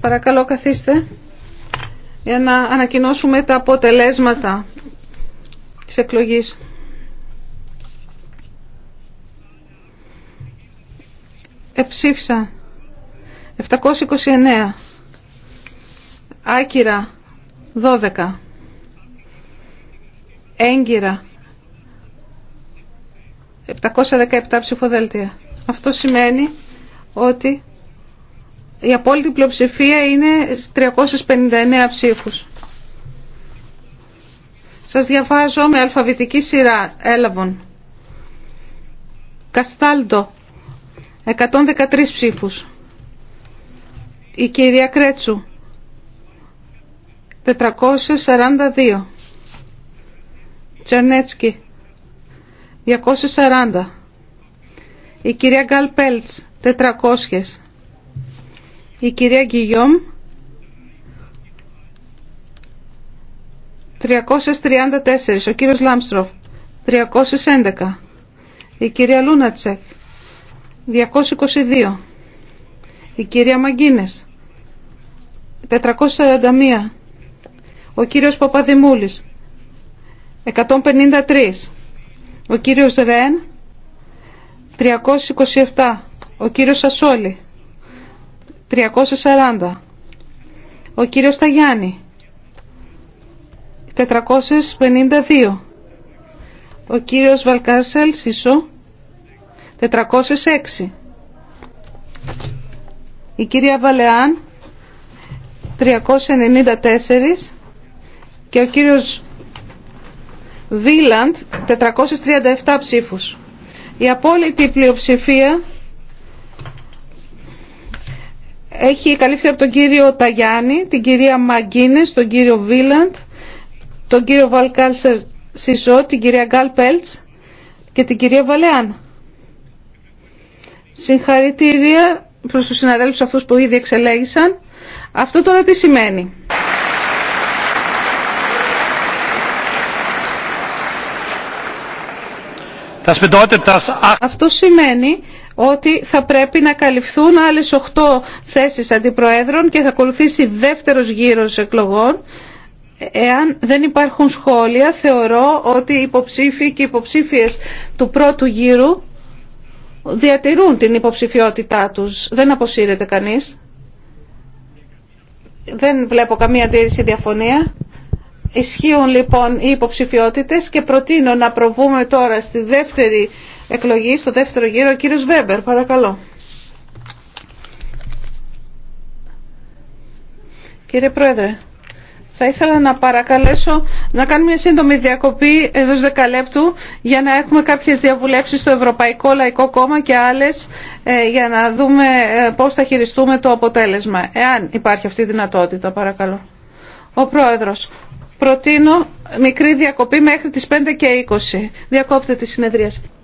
Παρακαλώ καθίστε για να ανακοινώσουμε τα αποτελέσματα της εκλογής. Εψήφισα 729, άκυρα 12, έγκυρα 717 ψηφοδέλτια. Αυτό σημαίνει ότι η απόλυτη πλειοψηφία είναι 359 ψήφους. Σας διαβάζω με αλφαβητική σειρά. έλαβων. Καστάλτο. 113 ψήφους. Η κυρία Κρέτσου. 442. Τσερνέτσκι. 240. Η κυρία Γκάλ 400. Η κυρία Γκυγιόμ 334. Ο κύριος Λάμστροφ 311. Η κυρία Λούνατσεκ 222. Η κυρία Μαγκίνες 441. Ο κύριος Παπαδημούλης 153. Ο κύριος Ρεν 327. Ο κύριος Σασόλη 340. Ο κύριος Σταγιάννη, 452. Ο κύριος Βαλκάρσελ Σίσο. 406. Η κυρία Βαλεάν. 394. Και ο κύριος Βίλαντ 437 ψήφους. Η απόλυτη πλειοψηφία έχει καλύφθει από τον κύριο Ταγιάννη, την κυρία Μαγκίνες, τον κύριο Βίλαντ, τον κύριο Βαλκάλσερ Σιζό, την κυρία Γκάλ Πέλτς και την κυρία Βαλεάν. Συγχαρητήρια προς τους συναδέλφους αυτούς που ήδη εξελέγησαν. Αυτό τώρα τι σημαίνει. Αυτό σημαίνει ότι θα πρέπει να καλυφθούν άλλες 8 θέσεις αντιπροέδρων και θα ακολουθήσει δεύτερος γύρος εκλογών. Εάν δεν υπάρχουν σχόλια, θεωρώ ότι οι υποψήφοι και οι υποψήφιες του πρώτου γύρου διατηρούν την υποψηφιότητά τους. Δεν αποσύρεται κανείς. Δεν βλέπω καμία αντίρρηση διαφωνία. Ισχύουν λοιπόν οι υποψηφιότητες και προτείνω να προβούμε τώρα στη δεύτερη εκλογή στο δεύτερο γύρο. κύριος Βέμπερ, παρακαλώ. Κύριε Πρόεδρε, θα ήθελα να παρακαλέσω να κάνουμε μια σύντομη διακοπή ενό δεκαλέπτου για να έχουμε κάποιες διαβουλεύσεις στο Ευρωπαϊκό Λαϊκό Κόμμα και άλλες ε, για να δούμε ε, πώς θα χειριστούμε το αποτέλεσμα. Εάν υπάρχει αυτή η δυνατότητα, παρακαλώ. Ο Πρόεδρος, προτείνω μικρή διακοπή μέχρι τις 5 και 20. Διακόπτε τη συνεδρίαση.